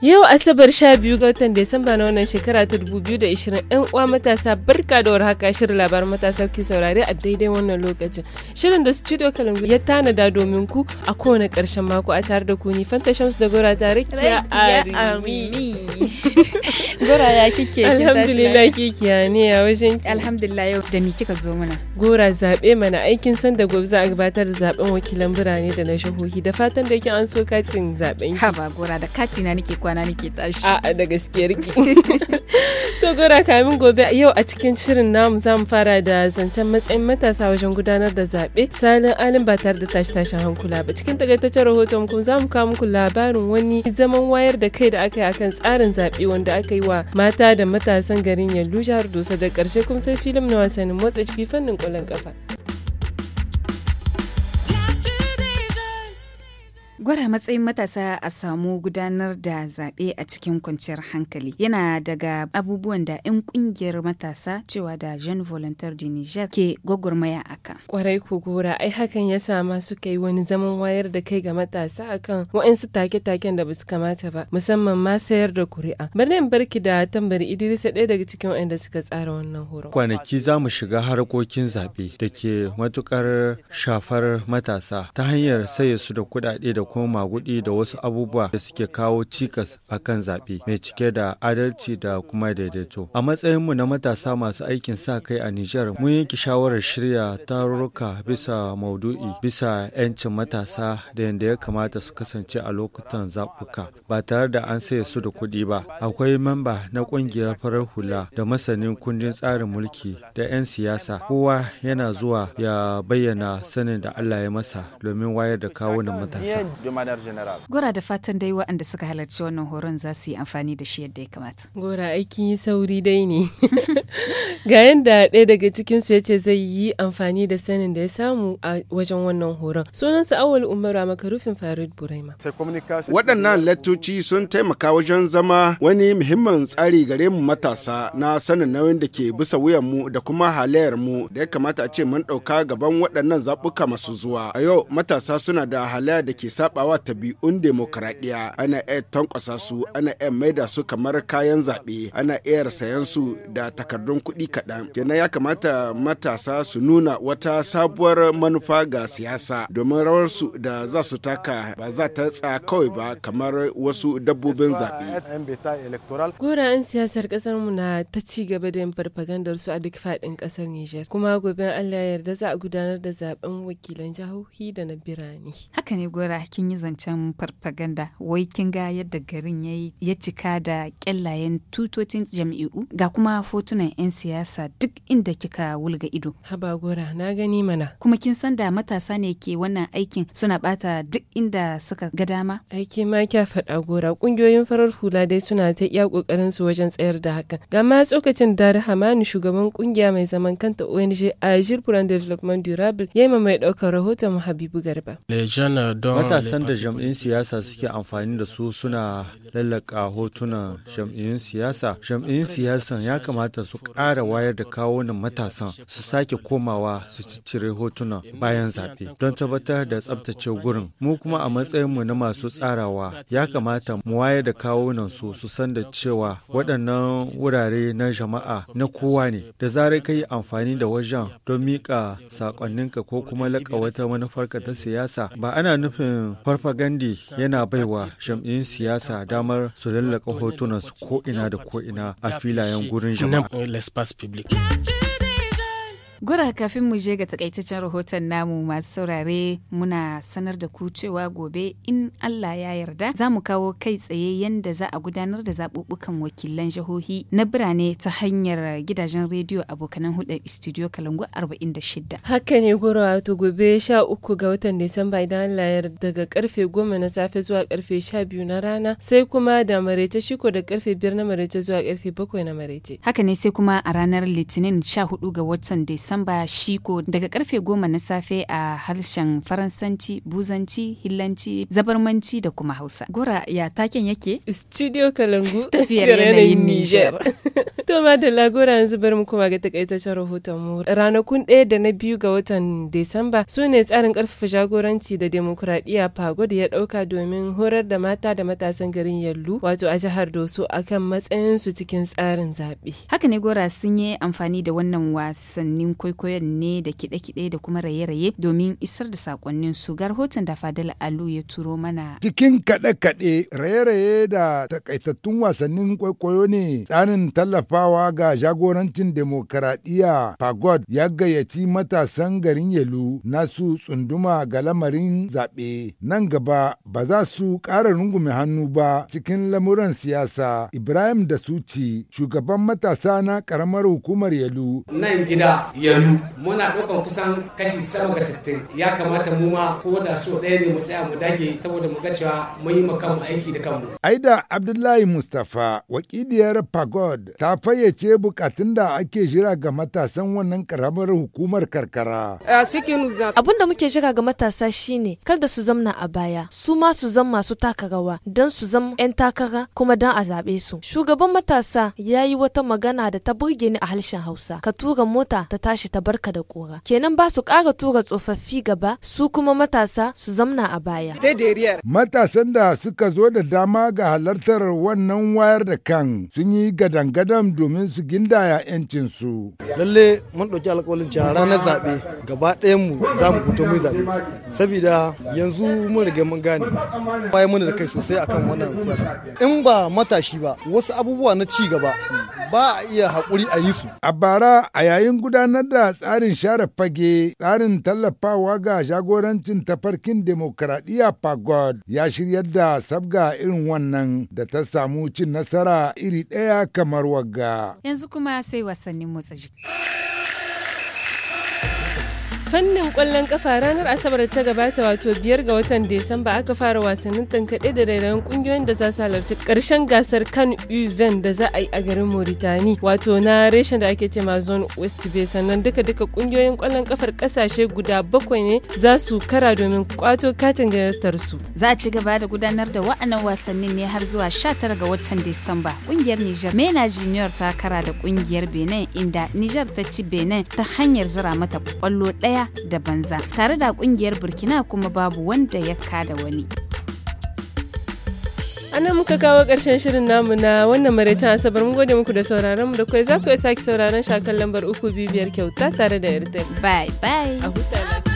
Yau Asabar 12 ga watan Desamba na wannan shekara ta 2020 ‘yan uwa matasa barka da warhaka shirin labaran matasa ke saurare a daidai wannan lokacin. Shirin da Studio Kalangu ya tanada domin ku a kowane ƙarshen mako a tare da ku ni Fanta Shams da Gora tare kiya Arimi. Gora ya kike kin Alhamdulillah kikiya ne a wajen ki. Alhamdulillah yau da ni kika zo mana. Gora zaɓe mana aikin san da gobe za a gabatar da zaɓen wakilan birane da na shahohi da fatan da yake an so katin zaben ki. Haba Gora da katina nake kwa kwana nake tashi A da gaske riki to gora kamin gobe yau a cikin shirin namu za mu fara da zancen matsayin matasa wajen gudanar da zaɓe salin alin ba tare da tashi tashin hankula ba cikin takaitaccen rahoton kuma za mu kawo muku labarin wani zaman wayar da kai da aka yi akan tsarin zaɓe wanda aka yi wa mata da matasan garin yalu jihar dosa da ƙarshe kuma sai filim na wasannin motsa ciki fannin ƙwallon ƙafa. Gwara matsayin matasa a samu gudanar da zaɓe a cikin kwanciyar hankali yana daga abubuwan da 'yan ƙungiyar matasa cewa da Jean Volontaire de Niger ke gwagwarmaya a kan. Kwarai ko gora ai hakan ya sama suka yi wani zaman wayar da kai ga matasa akan wa'insu take-taken da basu kamata ba musamman ma sayar da kuri'a. Bari barki da tambari Idrisa ɗaya daga cikin waɗanda suka tsara wannan horo. Kwanaki za mu shiga harkokin zaɓe da ke matuƙar shafar matasa ta hanyar saye su da kuɗaɗe da kuma magudi da wasu abubuwa da suke kawo cikas a kan zaɓe mai cike da adalci da kuma daidaito. A matsayinmu na matasa masu aikin sa kai a Nijar mun yanke shawarar shirya tarurruka bisa maudu'i bisa 'yancin matasa da yadda ya kamata su kasance a lokutan zaɓuka ba tare da an saye su da kuɗi ba. Akwai mamba na ƙungiyar farar hula da masanin kundin tsarin mulki da 'yan siyasa kowa yana zuwa ya bayyana sanin da Allah ya masa domin wayar da kawunan matasa. de manière générale gora da fatan dai waɗanda suka halarci wannan horon za su yi amfani da shi yadda ya kamata gora aikin yi sauri dai ne ga yadda ɗaya daga cikin su yace zai yi amfani da sanin da ya samu a wajen wannan horon sunansa awal umara makarufin farid buraima waɗannan lattoci sun taimaka wajen zama wani muhimmin tsari gare mu matasa na sanin nauyin da ke bisa wuyan mu da kuma halayyar mu da ya kamata a ce mun ɗauka gaban waɗannan zaɓuka masu zuwa a yau matasa suna da halayya da ke sa bi tabi'un demokradiya ana iya tankwasa su ana iya maida su kamar kayan zaɓe ana iya sayan su da takardun kuɗi kaɗan kenan ya kamata matasa su nuna wata sabuwar manufa ga siyasa domin rawar su da za su taka ba za ta tsaya kawai ba kamar wasu dabbobin zaɓe. an siyasar ƙasar mu na ta ci gaba da yin farfagandar su a duk faɗin kasar Nijar kuma gobe Allah ya yarda za a gudanar da zaɓen wakilan jihohi da na birane. Haka ne Gora kin yi zancen farfaganda wai kin ga yadda garin ya yi cika da kyallayen tutotin jami'u ga kuma fotunan 'yan siyasa duk inda kika wulga ido. Haba gora na gani mana. Kuma kin san da matasa ne ke wannan aikin suna bata duk inda suka ga dama? Aiki ma kya faɗa gora ƙungiyoyin farar hula dai suna ta iya kokarin su wajen tsayar da haka Ga ma tsokacin Dari Hamani shugaban ƙungiya mai zaman kanta ONG Agir Pour un Development Durable ya mai ɗaukar rahoton Habibu Garba. Matasa sanda jam'in siyasa suke amfani da su suna lallaka hotunan jam'in siyasa jam'in siyasa ya kamata su ƙara wayar da kawunan matasan su sake komawa su ciccire hotunan bayan zaɓe don tabbatar da tsabtace gurin mu kuma a matsayinmu na masu tsarawa ya kamata mu wayar da kawunan su su san da cewa waɗannan wurare na jama'a na kowa ne da zarar ka yi amfani da wajen don miƙa saƙonninka ko kuma laƙa wata manufarka ta siyasa ba ana nufin farfagandi yana baiwa jam'in siyasa damar su lallaka hotunansu ko'ina da ko'ina a filayen gurin jama'a. Eh, Gura kafin mu je ga takaitaccen rahoton namu masu saurare muna sanar da ku cewa gobe in Allah ya yarda za mu kawo kai tsaye yadda za a gudanar da zaɓuɓɓukan wakilan jihohi na birane ta hanyar gidajen rediyo abokanan hudu studio Kalangu 46. Haka ne gura wato gobe 13 ga watan Disamba idan Allah ya yarda daga karfe 10 na safe zuwa karfe 12 na rana sai kuma da maraice shiko da karfe 5 na maraice zuwa karfe 7 na maraice. Haka ne sai kuma a ranar Litinin 14 ga watan Disamba Disamba Shiko daga karfe goma na safe a harshen Faransanci, Buzanci, Hillanci, Zabarmanci da kuma Hausa. Gora ya taken yake? Studio Kalangu tafiyar yanayin Niger. to madalla gora yanzu bari mu kuma ga takaitaccen rahoton mu. Ranakun ɗaya da na biyu ga watan Disamba su ne tsarin karfafa jagoranci da demokuraɗiyya Pagod ya ɗauka domin horar da mata da matasan garin Yallu wato a jihar Doso akan matsayinsu cikin tsarin zaɓe. Haka ne gora sun yi amfani da wannan wasannin kwaikwayon ne da kiɗe-kiɗe da kuma raye-raye domin isar da sakonnin su ga rahoton da Fadal Alu ya turo mana. Cikin kaɗe-kaɗe raye-raye da takaitattun wasannin kwaikwayo ne tsarin tallafawa ga jagorancin demokaradiyya Fagod ya gayyaci matasan garin Yelu nasu tsunduma ga lamarin zaɓe nan gaba ba za su ƙara rungume hannu ba cikin lamuran siyasa Ibrahim da Suci shugaban matasa na ƙaramar hukumar yalu. Nan gida muna ɗaukar kusan kashi sama ga sittin ya kamata mu ma ko da so ɗaya ne mu tsaya mu dage saboda mu ga cewa mun yi kanmu aiki da kanmu. Aida Abdullahi Mustapha wakiliyar Pagod ta fayyace bukatun da ake jira ga matasan wannan karamar hukumar karkara. Eh, Abin da muke jira ga matasa shine kar da su zamna a baya su ma su zama masu taka rawa don su zama 'yan takara kuma don a zaɓe su. Shugaban matasa ya yi wata magana da ta burge ni a harshen Hausa ka tura mota ta tashi tashi ta barka da kora kenan ba su ƙara tura tsofaffi gaba su kuma matasa su zamna a baya matasan da suka zo da dama ga halartar wannan wayar da kan sun yi gadan-gadan domin su gindaya su lalle mun ɗauki alkawalin cewa ranar zaɓe gaba ɗayanmu za mu fito mu zaɓe saboda yanzu mun riga mun gane bayan mun da kai sosai akan wannan siyasa in ba matashi ba wasu abubuwa na ci gaba ba a iya haƙuri a yi su. A bara a yayin gudanar da tsarin share fage tsarin tallafawa ga jagorancin tafarkin demokaradiyya pagod ya shiryar da sabga irin wannan da ta samu cin nasara iri ɗaya kamar wagga. Yanzu kuma sai wasannin motsa jiki. fannin kwallon kafa ranar asabar ta gabata wato biyar ga watan desamba aka fara wasannin tankaɗe da rairayin kungiyoyin da za su halarci karshen gasar kan uven da za a yi a garin mauritani wato na reshen da ake cema zone west bay sannan duka duka kungiyoyin kwallon kafar ƙasashe guda bakwai ne za su kara domin kwato katin gayyatar su za a ci gaba da gudanar da wa'annan wasannin ne har zuwa 19 ga watan desamba kungiyar niger mena junior ta kara da kungiyar benin inda niger ta ci benin ta hanyar zira mata kwallo ɗaya ɗaya da banza tare da ƙungiyar burkina kuma babu wanda ya ka da wani nan muka kawo ƙarshen shirin namu na wannan maraicin asabar mun gode muku da sauraron mu da kai za ku sake sauraron shakan lambar uku biyar kyauta tare da yarda bye bye a huta